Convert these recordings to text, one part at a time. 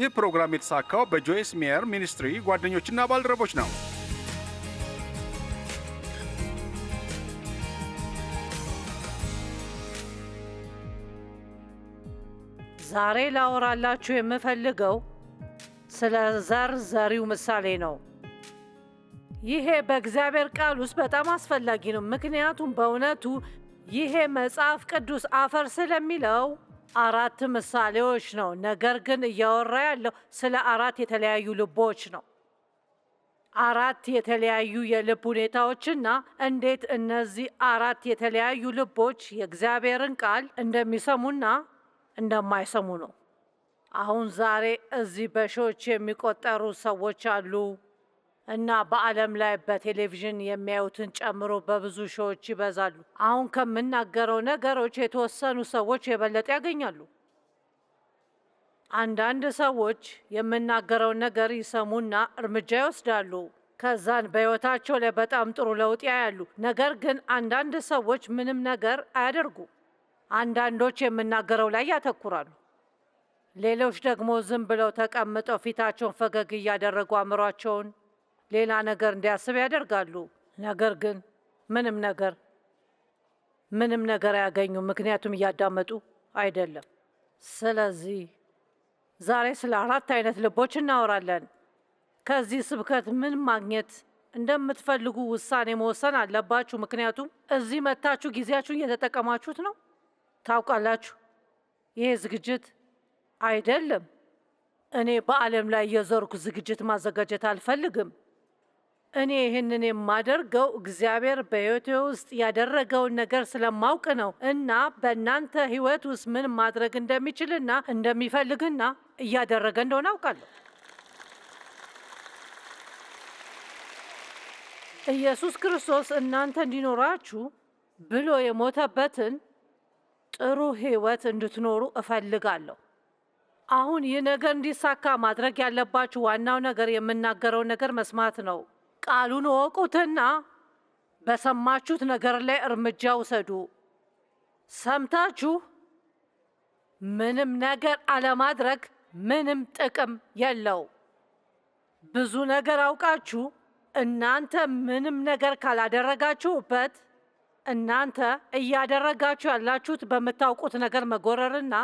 ይህ ፕሮግራም የተሳካው በጆይስ ሜየር ሚኒስትሪ ጓደኞችና ባልደረቦች ነው። ዛሬ ላወራላችሁ የምፈልገው ስለ ዘር ዘሪው ምሳሌ ነው። ይሄ በእግዚአብሔር ቃል ውስጥ በጣም አስፈላጊ ነው፣ ምክንያቱም በእውነቱ ይሄ መጽሐፍ ቅዱስ አፈር ስለሚለው አራት ምሳሌዎች ነው። ነገር ግን እያወራ ያለው ስለ አራት የተለያዩ ልቦች ነው። አራት የተለያዩ የልብ ሁኔታዎችና እንዴት እነዚህ አራት የተለያዩ ልቦች የእግዚአብሔርን ቃል እንደሚሰሙና እንደማይሰሙ ነው። አሁን ዛሬ እዚህ በሺዎች የሚቆጠሩ ሰዎች አሉ እና በዓለም ላይ በቴሌቪዥን የሚያዩትን ጨምሮ በብዙ ሺዎች ይበዛሉ። አሁን ከምናገረው ነገሮች የተወሰኑ ሰዎች የበለጠ ያገኛሉ። አንዳንድ ሰዎች የምናገረውን ነገር ይሰሙና እርምጃ ይወስዳሉ። ከዛን በሕይወታቸው ላይ በጣም ጥሩ ለውጥ ያያሉ። ነገር ግን አንዳንድ ሰዎች ምንም ነገር አያደርጉ። አንዳንዶች የምናገረው ላይ ያተኩራሉ። ሌሎች ደግሞ ዝም ብለው ተቀምጠው ፊታቸውን ፈገግ እያደረጉ አእምሯቸውን ሌላ ነገር እንዲያስብ ያደርጋሉ። ነገር ግን ምንም ነገር ምንም ነገር አያገኙም፣ ምክንያቱም እያዳመጡ አይደለም። ስለዚህ ዛሬ ስለ አራት አይነት ልቦች እናወራለን። ከዚህ ስብከት ምን ማግኘት እንደምትፈልጉ ውሳኔ መወሰን አለባችሁ፣ ምክንያቱም እዚህ መታችሁ ጊዜያችሁ እየተጠቀማችሁት ነው። ታውቃላችሁ፣ ይሄ ዝግጅት አይደለም። እኔ በዓለም ላይ የዘርኩ ዝግጅት ማዘጋጀት አልፈልግም። እኔ ይህንን የማደርገው እግዚአብሔር በሕይወቴ ውስጥ ያደረገውን ነገር ስለማውቅ ነው እና በእናንተ ሕይወት ውስጥ ምን ማድረግ እንደሚችልና እንደሚፈልግና እያደረገ እንደሆነ አውቃለሁ። ኢየሱስ ክርስቶስ እናንተ እንዲኖራችሁ ብሎ የሞተበትን ጥሩ ሕይወት እንድትኖሩ እፈልጋለሁ። አሁን ይህ ነገር እንዲሳካ ማድረግ ያለባችሁ ዋናው ነገር የምናገረውን ነገር መስማት ነው። ቃሉን ወቁትና በሰማችሁት ነገር ላይ እርምጃ ውሰዱ። ሰምታችሁ ምንም ነገር አለማድረግ ምንም ጥቅም የለው። ብዙ ነገር አውቃችሁ እናንተ ምንም ነገር ካላደረጋችሁበት እናንተ እያደረጋችሁ ያላችሁት በምታውቁት ነገር መጎረርና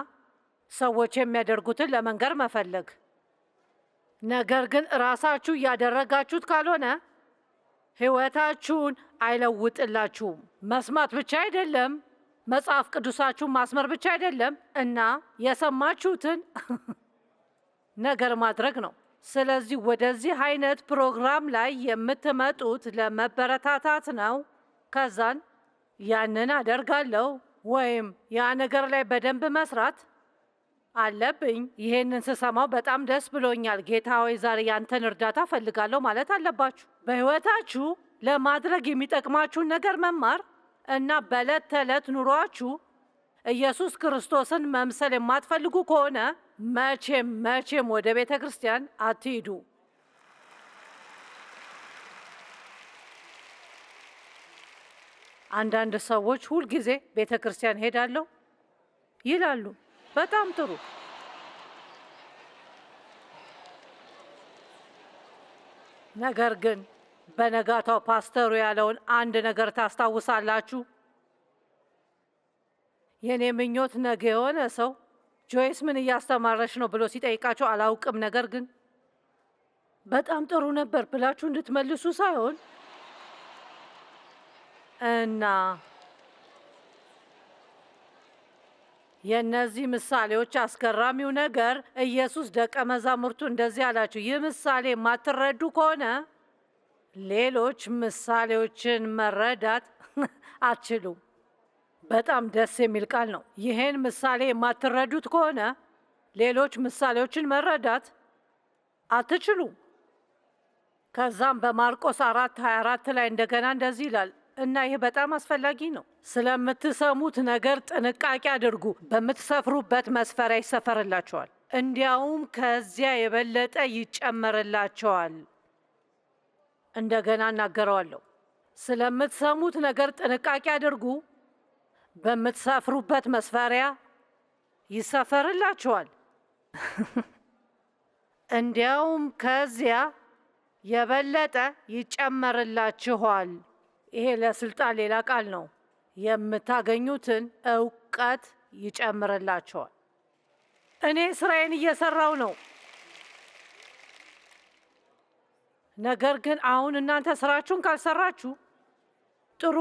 ሰዎች የሚያደርጉትን ለመንገር መፈለግ። ነገር ግን ራሳችሁ እያደረጋችሁት ካልሆነ ሕይወታችሁን አይለውጥላችሁም። መስማት ብቻ አይደለም፣ መጽሐፍ ቅዱሳችሁን ማስመር ብቻ አይደለም እና የሰማችሁትን ነገር ማድረግ ነው። ስለዚህ ወደዚህ አይነት ፕሮግራም ላይ የምትመጡት ለመበረታታት ነው። ከዛን ያንን አደርጋለሁ ወይም ያ ነገር ላይ በደንብ መስራት አለብኝ። ይሄንን ስሰማው በጣም ደስ ብሎኛል። ጌታ ሆይ ዛሬ ያንተን እርዳታ ፈልጋለሁ ማለት አለባችሁ። በህይወታችሁ ለማድረግ የሚጠቅማችሁን ነገር መማር እና በዕለት ተዕለት ኑሯችሁ ኢየሱስ ክርስቶስን መምሰል የማትፈልጉ ከሆነ መቼም መቼም ወደ ቤተ ክርስቲያን አትሂዱ። አንዳንድ ሰዎች ሁልጊዜ ቤተ ክርስቲያን ሄዳለሁ ይላሉ። በጣም ጥሩ። ነገር ግን በነጋታው ፓስተሩ ያለውን አንድ ነገር ታስታውሳላችሁ? የእኔ ምኞት ነገ የሆነ ሰው ጆይስ ምን እያስተማረች ነው ብሎ ሲጠይቃችሁ አላውቅም፣ ነገር ግን በጣም ጥሩ ነበር ብላችሁ እንድትመልሱ ሳይሆን እና የእነዚህ ምሳሌዎች አስገራሚው ነገር ኢየሱስ ደቀ መዛሙርቱ እንደዚህ አላቸው፣ ይህ ምሳሌ የማትረዱ ከሆነ ሌሎች ምሳሌዎችን መረዳት አትችሉም። በጣም ደስ የሚል ቃል ነው። ይህን ምሳሌ የማትረዱት ከሆነ ሌሎች ምሳሌዎችን መረዳት አትችሉም። ከዛም በማርቆስ አራት 24 ላይ እንደገና እንደዚህ ይላል እና ይህ በጣም አስፈላጊ ነው። ስለምትሰሙት ነገር ጥንቃቄ አድርጉ። በምትሰፍሩበት መስፈሪያ ይሰፈርላቸዋል፣ እንዲያውም ከዚያ የበለጠ ይጨመርላቸዋል። እንደገና እናገረዋለሁ። ስለምትሰሙት ነገር ጥንቃቄ አድርጉ። በምትሰፍሩበት መስፈሪያ ይሰፈርላቸዋል፣ እንዲያውም ከዚያ የበለጠ ይጨመርላችኋል። ይሄ ለስልጣን ሌላ ቃል ነው። የምታገኙትን እውቀት ይጨምርላቸዋል። እኔ ስራዬን እየሰራው ነው። ነገር ግን አሁን እናንተ ስራችሁን ካልሰራችሁ ጥሩ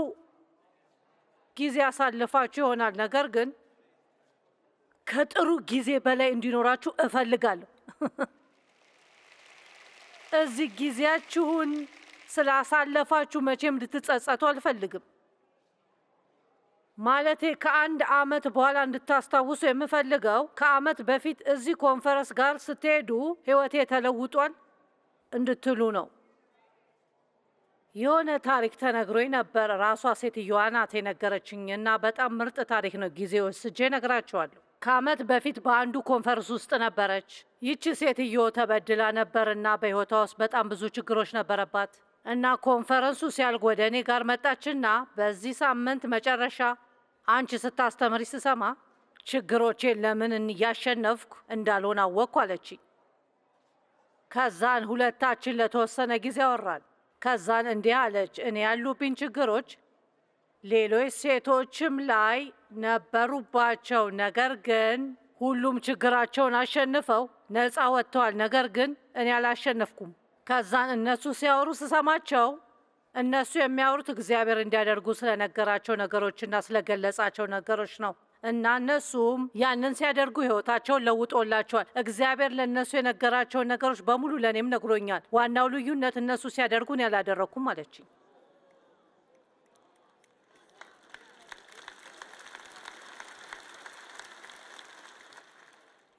ጊዜ አሳልፋችሁ ይሆናል። ነገር ግን ከጥሩ ጊዜ በላይ እንዲኖራችሁ እፈልጋለሁ። እዚህ ጊዜያችሁን ስላሳለፋችሁ መቼም ልትጸጸቱ አልፈልግም። ማለቴ ከአንድ አመት በኋላ እንድታስታውሱ የምፈልገው ከአመት በፊት እዚህ ኮንፈረንስ ጋር ስትሄዱ ህይወቴ ተለውጧል እንድትሉ ነው። የሆነ ታሪክ ተነግሮኝ ነበር። ራሷ ሴትዮዋ ናት የነገረችኝ እና በጣም ምርጥ ታሪክ ነው። ጊዜ ወስጄ እነግራችኋለሁ። ከአመት በፊት በአንዱ ኮንፈረንስ ውስጥ ነበረች። ይቺ ሴትዮ ተበድላ ነበርና በህይወቷ ውስጥ በጣም ብዙ ችግሮች ነበረባት። እና ኮንፈረንሱ ሲያልቅ ወደ እኔ ጋር መጣችና በዚህ ሳምንት መጨረሻ አንቺ ስታስተምሪ ስሰማ ችግሮቼን ለምን እያሸነፍኩ እንዳልሆን አወቅኩ አለችኝ። ከዛን ሁለታችን ለተወሰነ ጊዜ አወራን። ከዛን እንዲህ አለች፣ እኔ ያሉብኝ ችግሮች ሌሎች ሴቶችም ላይ ነበሩባቸው፣ ነገር ግን ሁሉም ችግራቸውን አሸንፈው ነፃ ወጥተዋል። ነገር ግን እኔ አላሸነፍኩም። ከዛን እነሱ ሲያወሩ ስሰማቸው እነሱ የሚያወሩት እግዚአብሔር እንዲያደርጉ ስለነገራቸው ነገሮችና ስለገለጻቸው ነገሮች ነው። እና እነሱም ያንን ሲያደርጉ ህይወታቸውን ለውጦላቸዋል። እግዚአብሔር ለእነሱ የነገራቸውን ነገሮች በሙሉ ለእኔም ነግሮኛል። ዋናው ልዩነት እነሱ ሲያደርጉን ያላደረግኩም አለችኝ።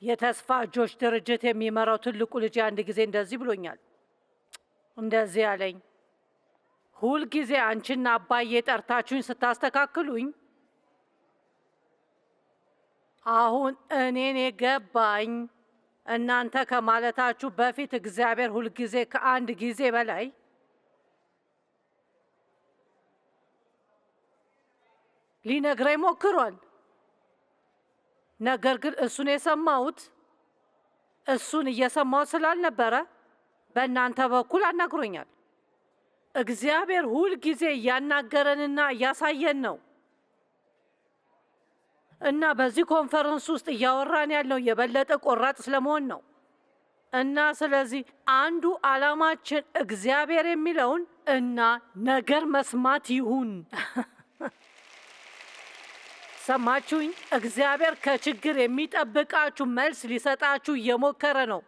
የተስፋ እጆች ድርጅት የሚመራው ትልቁ ልጅ አንድ ጊዜ እንደዚህ ብሎኛል። እንደዚህ አለኝ። ሁልጊዜ አንቺና አባዬ ጠርታችሁኝ ስታስተካክሉኝ አሁን እኔን የገባኝ እናንተ ከማለታችሁ በፊት እግዚአብሔር ሁልጊዜ ከአንድ ጊዜ በላይ ሊነግረኝ ሞክሯል። ነገር ግን እሱን የሰማሁት እሱን እየሰማሁት ስላልነበረ በእናንተ በኩል አናግሮኛል። እግዚአብሔር ሁል ጊዜ እያናገረንና እያሳየን ነው እና በዚህ ኮንፈረንስ ውስጥ እያወራን ያለው የበለጠ ቆራጥ ስለመሆን ነው እና ስለዚህ አንዱ ዓላማችን እግዚአብሔር የሚለውን እና ነገር መስማት ይሁን። ሰማችሁኝ? እግዚአብሔር ከችግር የሚጠብቃችሁ መልስ ሊሰጣችሁ እየሞከረ ነው።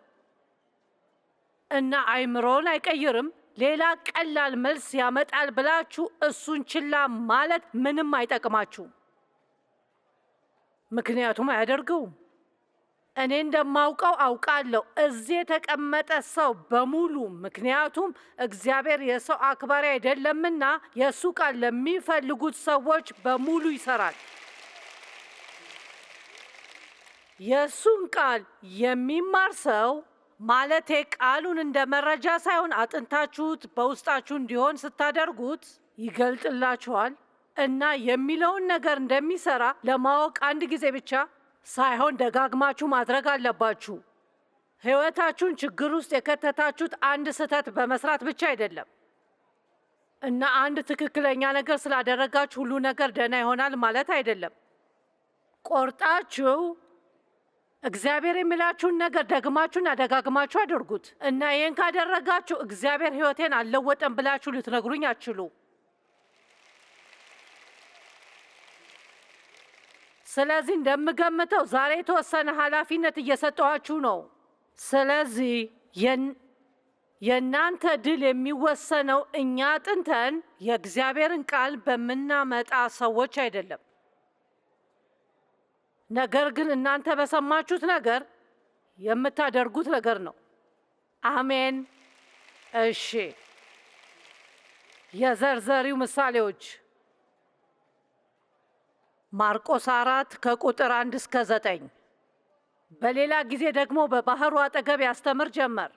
እና አይምሮን አይቀይርም፣ ሌላ ቀላል መልስ ያመጣል ብላችሁ እሱን ችላ ማለት ምንም አይጠቅማችሁም፣ ምክንያቱም አያደርገውም። እኔ እንደማውቀው አውቃለሁ እዚህ የተቀመጠ ሰው በሙሉ ምክንያቱም እግዚአብሔር የሰው አክባሪ አይደለምና የእሱ ቃል ለሚፈልጉት ሰዎች በሙሉ ይሰራል። የእሱን ቃል የሚማር ሰው ማለቴ ቃሉን እንደ መረጃ ሳይሆን አጥንታችሁት በውስጣችሁ እንዲሆን ስታደርጉት ይገልጥላችኋል እና የሚለውን ነገር እንደሚሰራ ለማወቅ አንድ ጊዜ ብቻ ሳይሆን ደጋግማችሁ ማድረግ አለባችሁ። ሕይወታችሁን ችግር ውስጥ የከተታችሁት አንድ ስህተት በመስራት ብቻ አይደለም። እና አንድ ትክክለኛ ነገር ስላደረጋችሁ ሁሉ ነገር ደህና ይሆናል ማለት አይደለም። ቆርጣችሁ እግዚአብሔር የሚላችሁን ነገር ደግማችሁና ደጋግማችሁ አድርጉት እና ይህን ካደረጋችሁ እግዚአብሔር ሕይወቴን አልለወጠም ብላችሁ ልትነግሩኝ አትችሉ። ስለዚህ እንደምገምተው ዛሬ የተወሰነ ኃላፊነት እየሰጠኋችሁ ነው። ስለዚህ የእናንተ ድል የሚወሰነው እኛ ጥንተን የእግዚአብሔርን ቃል በምናመጣ ሰዎች አይደለም። ነገር ግን እናንተ በሰማችሁት ነገር የምታደርጉት ነገር ነው። አሜን። እሺ፣ የዘርዘሪው ምሳሌዎች ማርቆስ አራት ከቁጥር አንድ እስከ ዘጠኝ በሌላ ጊዜ ደግሞ በባህሩ አጠገብ ያስተምር ጀመር።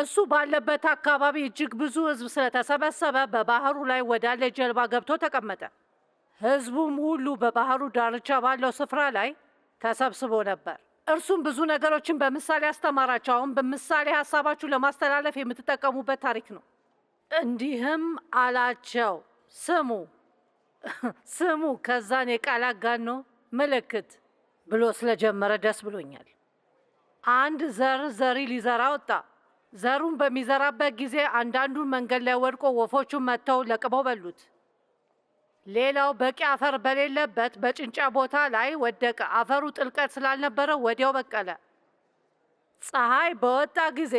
እሱ ባለበት አካባቢ እጅግ ብዙ ሕዝብ ስለተሰበሰበ በባህሩ ላይ ወዳለ ጀልባ ገብቶ ተቀመጠ። ህዝቡም ሁሉ በባህሩ ዳርቻ ባለው ስፍራ ላይ ተሰብስቦ ነበር። እርሱም ብዙ ነገሮችን በምሳሌ አስተማራቸው። አሁን በምሳሌ ሀሳባችሁ ለማስተላለፍ የምትጠቀሙበት ታሪክ ነው። እንዲህም አላቸው፣ ስሙ ስሙ ከዛን የቃላት አጋኖ ምልክት ብሎ ስለጀመረ ደስ ብሎኛል። አንድ ዘር ዘሪ ሊዘራ ወጣ። ዘሩን በሚዘራበት ጊዜ አንዳንዱን መንገድ ላይ ወድቆ ወፎቹን መጥተው ለቅመው በሉት። ሌላው በቂ አፈር በሌለበት በጭንጫ ቦታ ላይ ወደቀ። አፈሩ ጥልቀት ስላልነበረ ወዲያው በቀለ። ፀሐይ በወጣ ጊዜ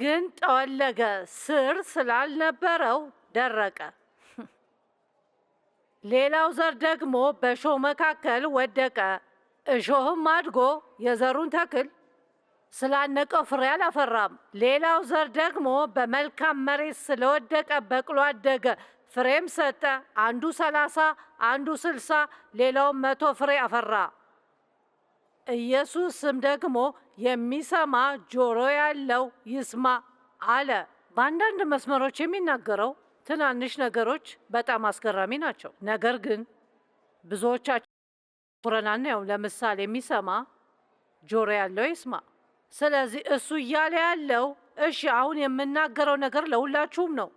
ግን ጠወለገ፣ ስር ስላልነበረው ደረቀ። ሌላው ዘር ደግሞ በእሾህ መካከል ወደቀ። እሾህም አድጎ የዘሩን ተክል ስላነቀው ፍሬ አላፈራም። ሌላው ዘር ደግሞ በመልካም መሬት ስለወደቀ በቅሎ አደገ፣ ፍሬም ሰጠ። አንዱ ሰላሳ አንዱ ስልሳ ሌላውም መቶ ፍሬ አፈራ። ኢየሱስም ደግሞ የሚሰማ ጆሮ ያለው ይስማ አለ። በአንዳንድ መስመሮች የሚናገረው ትናንሽ ነገሮች በጣም አስገራሚ ናቸው። ነገር ግን ብዙዎቻችን ኩረናን ያው ለምሳሌ የሚሰማ ጆሮ ያለው ይስማ። ስለዚህ እሱ እያለ ያለው እሺ፣ አሁን የምናገረው ነገር ለሁላችሁም ነው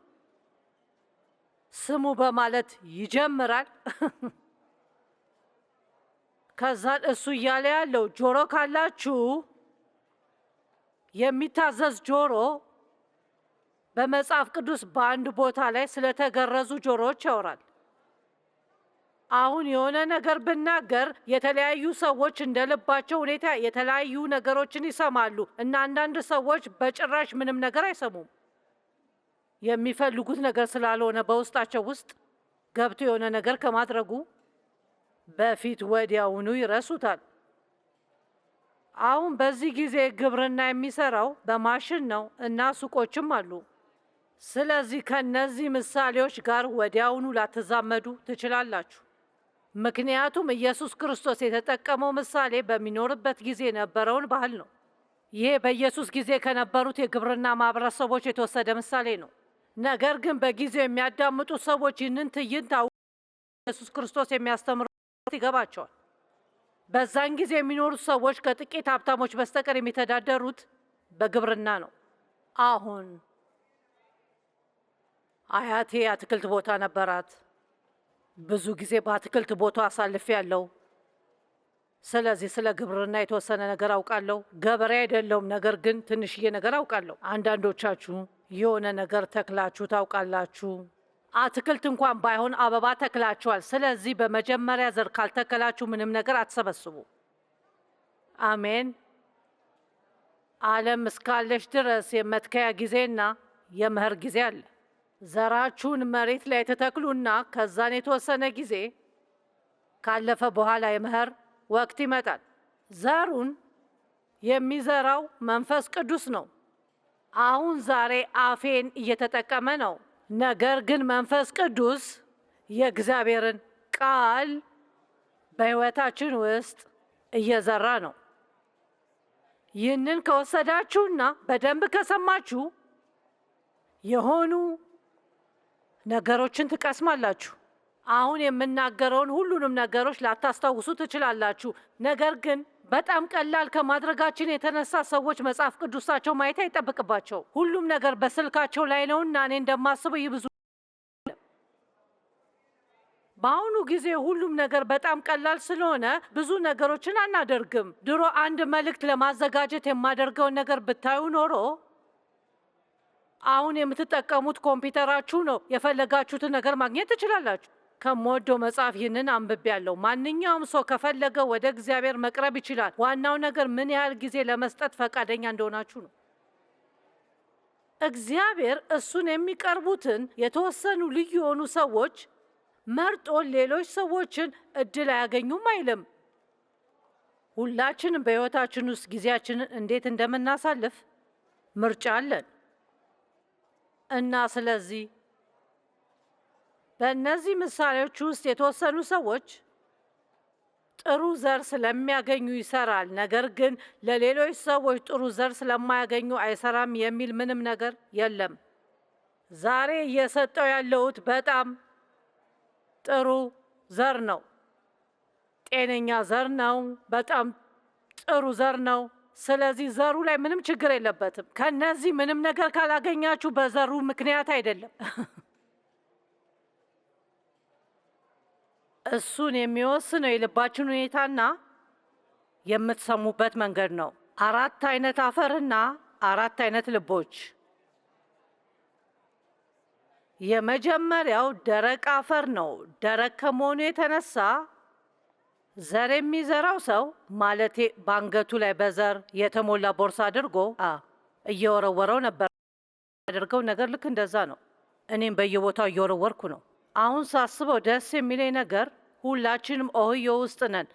ስሙ በማለት ይጀምራል። ከዛን እሱ እያለ ያለው ጆሮ ካላችሁ የሚታዘዝ ጆሮ በመጽሐፍ ቅዱስ በአንድ ቦታ ላይ ስለተገረዙ ጆሮዎች ያወራል። አሁን የሆነ ነገር ብናገር የተለያዩ ሰዎች እንደ ልባቸው ሁኔታ የተለያዩ ነገሮችን ይሰማሉ እና አንዳንድ ሰዎች በጭራሽ ምንም ነገር አይሰሙም። የሚፈልጉት ነገር ስላልሆነ በውስጣቸው ውስጥ ገብቶ የሆነ ነገር ከማድረጉ በፊት ወዲያውኑ ይረሱታል። አሁን በዚህ ጊዜ ግብርና የሚሰራው በማሽን ነው እና ሱቆችም አሉ። ስለዚህ ከነዚህ ምሳሌዎች ጋር ወዲያውኑ ላትዛመዱ ትችላላችሁ። ምክንያቱም ኢየሱስ ክርስቶስ የተጠቀመው ምሳሌ በሚኖርበት ጊዜ የነበረውን ባህል ነው። ይሄ በኢየሱስ ጊዜ ከነበሩት የግብርና ማህበረሰቦች የተወሰደ ምሳሌ ነው። ነገር ግን በጊዜው የሚያዳምጡ ሰዎች ይህንን ትዕይንት ኢየሱስ ክርስቶስ የሚያስተምረው ይገባቸዋል። በዛን ጊዜ የሚኖሩት ሰዎች ከጥቂት ሀብታሞች በስተቀር የሚተዳደሩት በግብርና ነው። አሁን አያቴ አትክልት ቦታ ነበራት። ብዙ ጊዜ በአትክልት ቦታ አሳልፍ ያለው። ስለዚህ ስለ ግብርና የተወሰነ ነገር አውቃለሁ። ገበሬ አይደለሁም፣ ነገር ግን ትንሽዬ ነገር አውቃለሁ። አንዳንዶቻችሁ የሆነ ነገር ተክላችሁ ታውቃላችሁ? አትክልት እንኳን ባይሆን አበባ ተክላችኋል። ስለዚህ በመጀመሪያ ዘር ካልተከላችሁ ምንም ነገር አትሰበስቡ። አሜን። ዓለም እስካለች ድረስ የመትከያ ጊዜና የመኸር ጊዜ አለ። ዘራችሁን መሬት ላይ ተተክሉና ከዛን የተወሰነ ጊዜ ካለፈ በኋላ የመኸር ወቅት ይመጣል። ዘሩን የሚዘራው መንፈስ ቅዱስ ነው። አሁን ዛሬ አፌን እየተጠቀመ ነው። ነገር ግን መንፈስ ቅዱስ የእግዚአብሔርን ቃል በሕይወታችን ውስጥ እየዘራ ነው። ይህንን ከወሰዳችሁና በደንብ ከሰማችሁ የሆኑ ነገሮችን ትቀስማላችሁ። አሁን የምናገረውን ሁሉንም ነገሮች ላታስታውሱ ትችላላችሁ፣ ነገር ግን በጣም ቀላል ከማድረጋችን የተነሳ ሰዎች መጽሐፍ ቅዱሳቸው ማየት አይጠብቅባቸው። ሁሉም ነገር በስልካቸው ላይ ነውና እኔ እንደማስበው ይብዙ። በአሁኑ ጊዜ ሁሉም ነገር በጣም ቀላል ስለሆነ ብዙ ነገሮችን አናደርግም። ድሮ አንድ መልእክት ለማዘጋጀት የማደርገውን ነገር ብታዩ ኖሮ አሁን የምትጠቀሙት ኮምፒውተራችሁ ነው። የፈለጋችሁትን ነገር ማግኘት ትችላላችሁ። ከምወደው መጽሐፍ ይህንን አንብቤ ያለው ማንኛውም ሰው ከፈለገ ወደ እግዚአብሔር መቅረብ ይችላል። ዋናው ነገር ምን ያህል ጊዜ ለመስጠት ፈቃደኛ እንደሆናችሁ ነው። እግዚአብሔር እሱን የሚቀርቡትን የተወሰኑ ልዩ የሆኑ ሰዎች መርጦ ሌሎች ሰዎችን እድል አያገኙም አይልም። ሁላችንም በሕይወታችን ውስጥ ጊዜያችንን እንዴት እንደምናሳልፍ ምርጫ አለን እና ስለዚህ በእነዚህ ምሳሌዎች ውስጥ የተወሰኑ ሰዎች ጥሩ ዘር ስለሚያገኙ ይሰራል፣ ነገር ግን ለሌሎች ሰዎች ጥሩ ዘር ስለማያገኙ አይሰራም የሚል ምንም ነገር የለም። ዛሬ እየሰጠው ያለሁት በጣም ጥሩ ዘር ነው። ጤነኛ ዘር ነው። በጣም ጥሩ ዘር ነው። ስለዚህ ዘሩ ላይ ምንም ችግር የለበትም። ከነዚህ ምንም ነገር ካላገኛችሁ በዘሩ ምክንያት አይደለም። እሱን የሚወስነው የልባችን ሁኔታና የምትሰሙበት መንገድ ነው። አራት አይነት አፈርና አራት አይነት ልቦች። የመጀመሪያው ደረቅ አፈር ነው። ደረቅ ከመሆኑ የተነሳ ዘር የሚዘራው ሰው ማለቴ በአንገቱ ላይ በዘር የተሞላ ቦርሳ አድርጎ እየወረወረው ነበር። ያደርገው ነገር ልክ እንደዛ ነው። እኔም በየቦታው እየወረወርኩ ነው። አሁን ሳስበው ደስ የሚለኝ ነገር ሁላችንም ኦህዮ ውስጥ ነን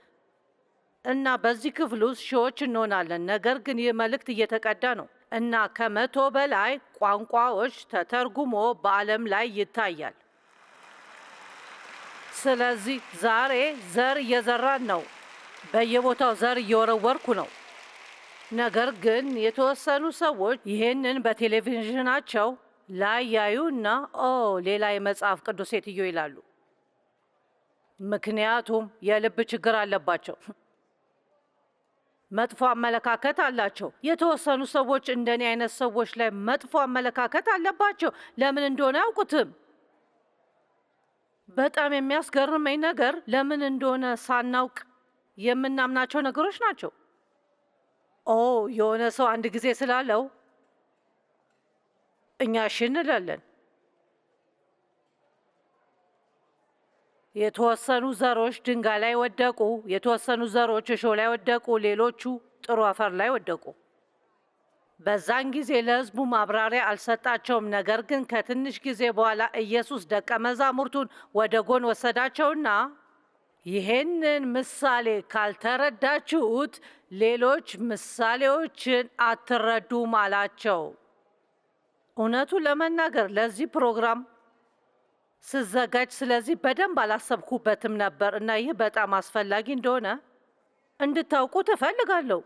እና በዚህ ክፍል ውስጥ ሺዎች እንሆናለን። ነገር ግን ይህ መልእክት እየተቀዳ ነው እና ከመቶ በላይ ቋንቋዎች ተተርጉሞ በዓለም ላይ ይታያል። ስለዚህ ዛሬ ዘር እየዘራን ነው። በየቦታው ዘር እየወረወርኩ ነው። ነገር ግን የተወሰኑ ሰዎች ይህንን በቴሌቪዥናቸው ላይ እና ኦ ሌላ የመጽሐፍ ቅዱስ ሴትዮ ይላሉ። ምክንያቱም የልብ ችግር አለባቸው፣ መጥፎ አመለካከት አላቸው። የተወሰኑ ሰዎች እንደኔ አይነት ሰዎች ላይ መጥፎ አመለካከት አለባቸው። ለምን እንደሆነ አያውቁትም። በጣም የሚያስገርመኝ ነገር ለምን እንደሆነ ሳናውቅ የምናምናቸው ነገሮች ናቸው። ኦ የሆነ ሰው አንድ ጊዜ ስላለው እኛ እሺ እንላለን። የተወሰኑ ዘሮች ድንጋይ ላይ ወደቁ፣ የተወሰኑ ዘሮች እሾህ ላይ ወደቁ፣ ሌሎቹ ጥሩ አፈር ላይ ወደቁ። በዛን ጊዜ ለሕዝቡ ማብራሪያ አልሰጣቸውም። ነገር ግን ከትንሽ ጊዜ በኋላ ኢየሱስ ደቀ መዛሙርቱን ወደ ጎን ወሰዳቸውና ይህንን ምሳሌ ካልተረዳችሁት ሌሎች ምሳሌዎችን አትረዱም አላቸው። እውነቱ ለመናገር ለዚህ ፕሮግራም ስዘጋጅ ስለዚህ በደንብ አላሰብኩበትም ነበር እና ይህ በጣም አስፈላጊ እንደሆነ እንድታውቁ ትፈልጋለሁ።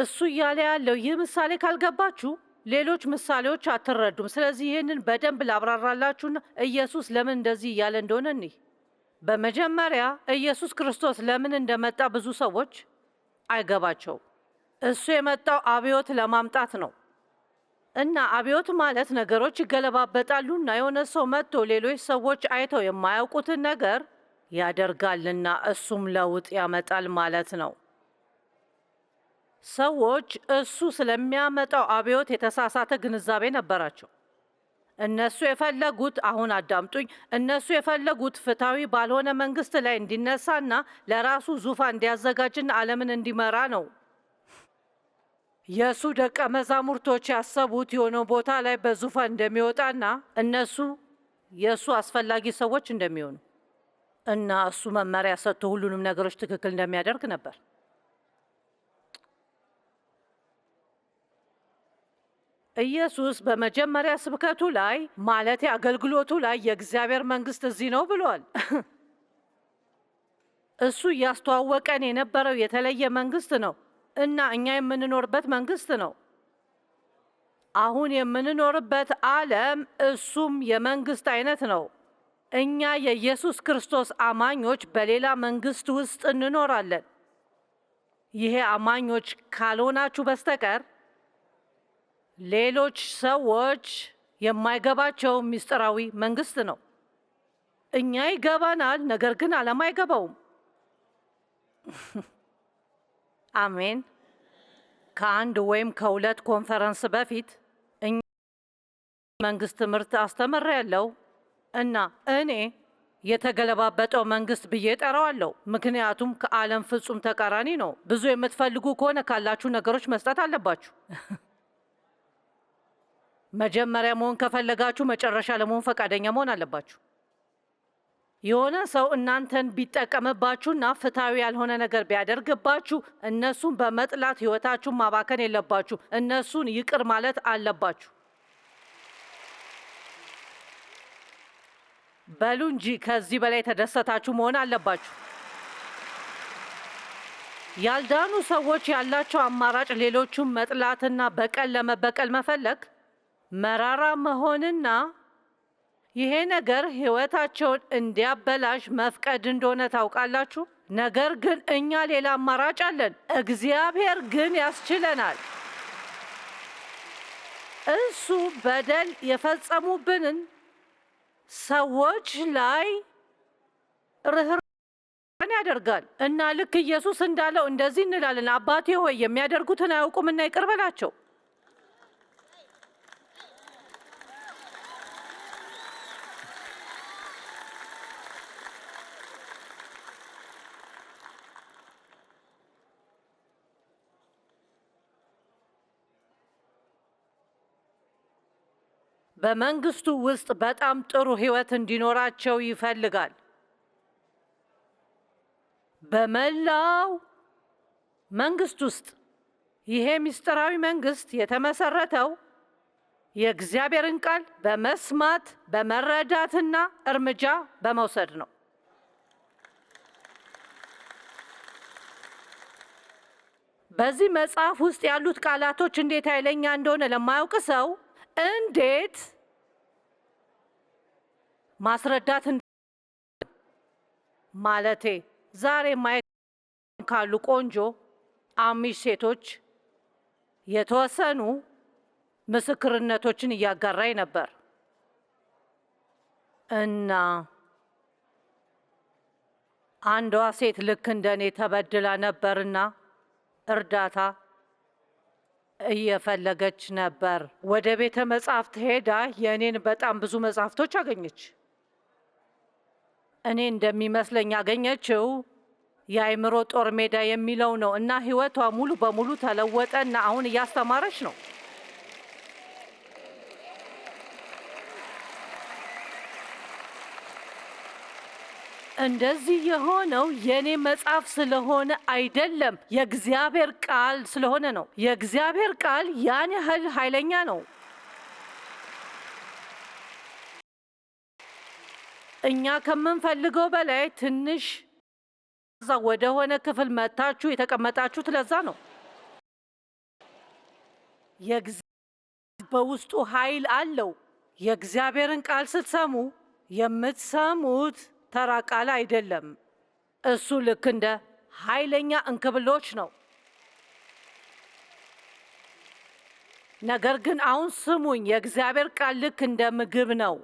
እሱ እያለ ያለው ይህ ምሳሌ ካልገባችሁ ሌሎች ምሳሌዎች አትረዱም። ስለዚህ ይህንን በደንብ ላብራራላችሁና ኢየሱስ ለምን እንደዚህ እያለ እንደሆነ እኒህ በመጀመሪያ ኢየሱስ ክርስቶስ ለምን እንደመጣ ብዙ ሰዎች አይገባቸው? እሱ የመጣው አብዮት ለማምጣት ነው። እና አብዮት ማለት ነገሮች ይገለባበጣሉና የሆነ ሰው መጥቶ ሌሎች ሰዎች አይተው የማያውቁትን ነገር ያደርጋልና እሱም ለውጥ ያመጣል ማለት ነው። ሰዎች እሱ ስለሚያመጣው አብዮት የተሳሳተ ግንዛቤ ነበራቸው። እነሱ የፈለጉት አሁን አዳምጡኝ። እነሱ የፈለጉት ፍትሐዊ ባልሆነ መንግስት ላይ እንዲነሳና ለራሱ ዙፋን እንዲያዘጋጅና ዓለምን እንዲመራ ነው። የእሱ ደቀ መዛሙርቶች ያሰቡት የሆነው ቦታ ላይ በዙፋን እንደሚወጣና እነሱ የእሱ አስፈላጊ ሰዎች እንደሚሆኑ እና እሱ መመሪያ ሰጥቶ ሁሉንም ነገሮች ትክክል እንደሚያደርግ ነበር። ኢየሱስ በመጀመሪያ ስብከቱ ላይ ማለት አገልግሎቱ ላይ የእግዚአብሔር መንግስት እዚህ ነው ብሏል። እሱ እያስተዋወቀን የነበረው የተለየ መንግስት ነው። እና እኛ የምንኖርበት መንግስት ነው። አሁን የምንኖርበት ዓለም እሱም የመንግስት አይነት ነው። እኛ የኢየሱስ ክርስቶስ አማኞች በሌላ መንግስት ውስጥ እንኖራለን። ይሄ አማኞች ካልሆናችሁ በስተቀር ሌሎች ሰዎች የማይገባቸው ምስጢራዊ መንግስት ነው። እኛ ይገባናል፣ ነገር ግን ዓለም አይገባውም። አሜን። ከአንድ ወይም ከሁለት ኮንፈረንስ በፊት እኛ መንግስት ትምህርት አስተምር ያለው እና እኔ የተገለባበጠው መንግስት ብዬ ጠራዋለሁ። ምክንያቱም ከዓለም ፍጹም ተቃራኒ ነው። ብዙ የምትፈልጉ ከሆነ ካላችሁ ነገሮች መስጠት አለባችሁ። መጀመሪያ መሆን ከፈለጋችሁ መጨረሻ ለመሆን ፈቃደኛ መሆን አለባችሁ። የሆነ ሰው እናንተን ቢጠቀምባችሁና ፍትሐዊ ያልሆነ ነገር ቢያደርግባችሁ እነሱን በመጥላት ህይወታችሁን ማባከን የለባችሁ። እነሱን ይቅር ማለት አለባችሁ። በሉ እንጂ ከዚህ በላይ ተደሰታችሁ መሆን አለባችሁ። ያልዳኑ ሰዎች ያላቸው አማራጭ ሌሎቹን መጥላትና በቀል ለመበቀል መፈለግ መራራ መሆንና ይሄ ነገር ህይወታቸውን እንዲያበላሽ መፍቀድ እንደሆነ ታውቃላችሁ። ነገር ግን እኛ ሌላ አማራጭ አለን። እግዚአብሔር ግን ያስችለናል። እሱ በደል የፈጸሙብንን ሰዎች ላይ ርኅራኄን ያደርጋል እና ልክ ኢየሱስ እንዳለው እንደዚህ እንላለን፣ አባቴ ሆይ የሚያደርጉትን አያውቁምና ይቅር በላቸው። በመንግስቱ ውስጥ በጣም ጥሩ ህይወት እንዲኖራቸው ይፈልጋል። በመላው መንግስት ውስጥ ይሄ ምስጢራዊ መንግስት የተመሰረተው የእግዚአብሔርን ቃል በመስማት በመረዳትና እርምጃ በመውሰድ ነው። በዚህ መጽሐፍ ውስጥ ያሉት ቃላቶች እንዴት ኃይለኛ እንደሆነ ለማያውቅ ሰው እንዴት ማስረዳት ማለቴ ዛሬ ማየት ካሉ ቆንጆ አሚሽ ሴቶች የተወሰኑ ምስክርነቶችን እያጋራኝ ነበር እና አንዷ ሴት ልክ እንደኔ ተበድላ ነበርና እርዳታ እየፈለገች ነበር። ወደ ቤተ መጻሕፍት ሄዳ የእኔን በጣም ብዙ መጽሐፍቶች አገኘች። እኔ እንደሚመስለኝ አገኘችው የአእምሮ ጦር ሜዳ የሚለው ነው እና ህይወቷ ሙሉ በሙሉ ተለወጠ እና አሁን እያስተማረች ነው። እንደዚህ የሆነው የኔ መጽሐፍ ስለሆነ አይደለም፣ የእግዚአብሔር ቃል ስለሆነ ነው። የእግዚአብሔር ቃል ያን ያህል ኃይለኛ ነው። እኛ ከምንፈልገው በላይ ትንሽ እዛ ወደሆነ ክፍል መታችሁ የተቀመጣችሁት ለዛ ነው። በውስጡ ኃይል አለው። የእግዚአብሔርን ቃል ስትሰሙ የምትሰሙት ተራ ቃል አይደለም። እሱ ልክ እንደ ኃይለኛ እንክብሎች ነው። ነገር ግን አሁን ስሙኝ፣ የእግዚአብሔር ቃል ልክ እንደ ምግብ ነው።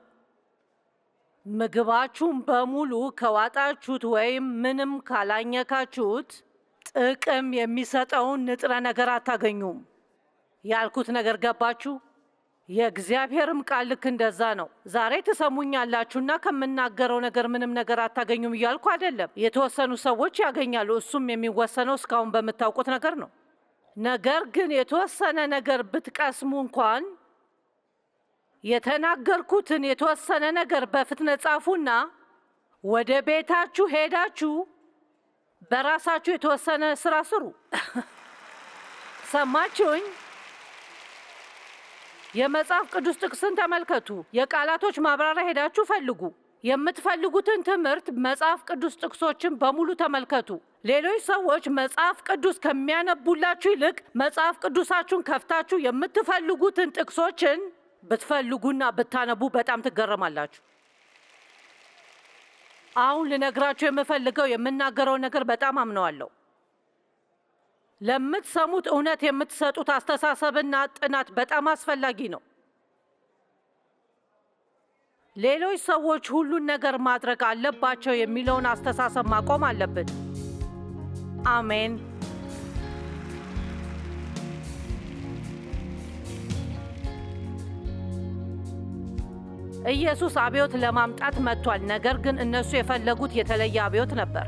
ምግባችሁን በሙሉ ከዋጣችሁት ወይም ምንም ካላኘካችሁት ጥቅም የሚሰጠውን ንጥረ ነገር አታገኙም። ያልኩት ነገር ገባችሁ? የእግዚአብሔርም ቃል ልክ እንደዛ ነው። ዛሬ ትሰሙኛላችሁና ከምናገረው ነገር ምንም ነገር አታገኙም እያልኩ አይደለም። የተወሰኑ ሰዎች ያገኛሉ። እሱም የሚወሰነው እስካሁን በምታውቁት ነገር ነው። ነገር ግን የተወሰነ ነገር ብትቀስሙ እንኳን የተናገርኩትን የተወሰነ ነገር በፍጥነት ጻፉና ወደ ቤታችሁ ሄዳችሁ በራሳችሁ የተወሰነ ስራ ስሩ። ሰማችሁኝ? የመጽሐፍ ቅዱስ ጥቅስን ተመልከቱ። የቃላቶች ማብራሪያ ሄዳችሁ ፈልጉ። የምትፈልጉትን ትምህርት መጽሐፍ ቅዱስ ጥቅሶችን በሙሉ ተመልከቱ። ሌሎች ሰዎች መጽሐፍ ቅዱስ ከሚያነቡላችሁ ይልቅ መጽሐፍ ቅዱሳችሁን ከፍታችሁ የምትፈልጉትን ጥቅሶችን ብትፈልጉና ብታነቡ በጣም ትገረማላችሁ። አሁን ልነግራችሁ የምፈልገው የምናገረው ነገር በጣም አምነዋለሁ። ለምትሰሙት እውነት የምትሰጡት አስተሳሰብና ጥናት በጣም አስፈላጊ ነው። ሌሎች ሰዎች ሁሉን ነገር ማድረግ አለባቸው የሚለውን አስተሳሰብ ማቆም አለብን። አሜን። ኢየሱስ አብዮት ለማምጣት መጥቷል፣ ነገር ግን እነሱ የፈለጉት የተለየ አብዮት ነበር።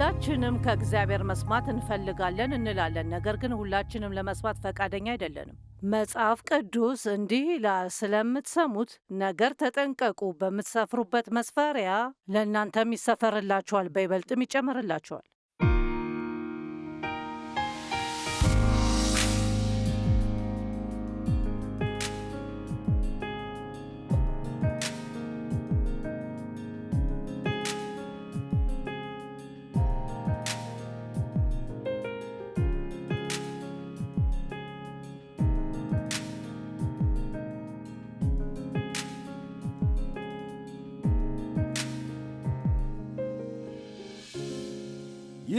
ሁላችንም ከእግዚአብሔር መስማት እንፈልጋለን እንላለን። ነገር ግን ሁላችንም ለመስማት ፈቃደኛ አይደለንም። መጽሐፍ ቅዱስ እንዲህ ይላል፣ ስለምትሰሙት ነገር ተጠንቀቁ፣ በምትሰፍሩበት መስፈሪያ ለእናንተም ይሰፈርላችኋል፣ በይበልጥም ይጨመርላችኋል።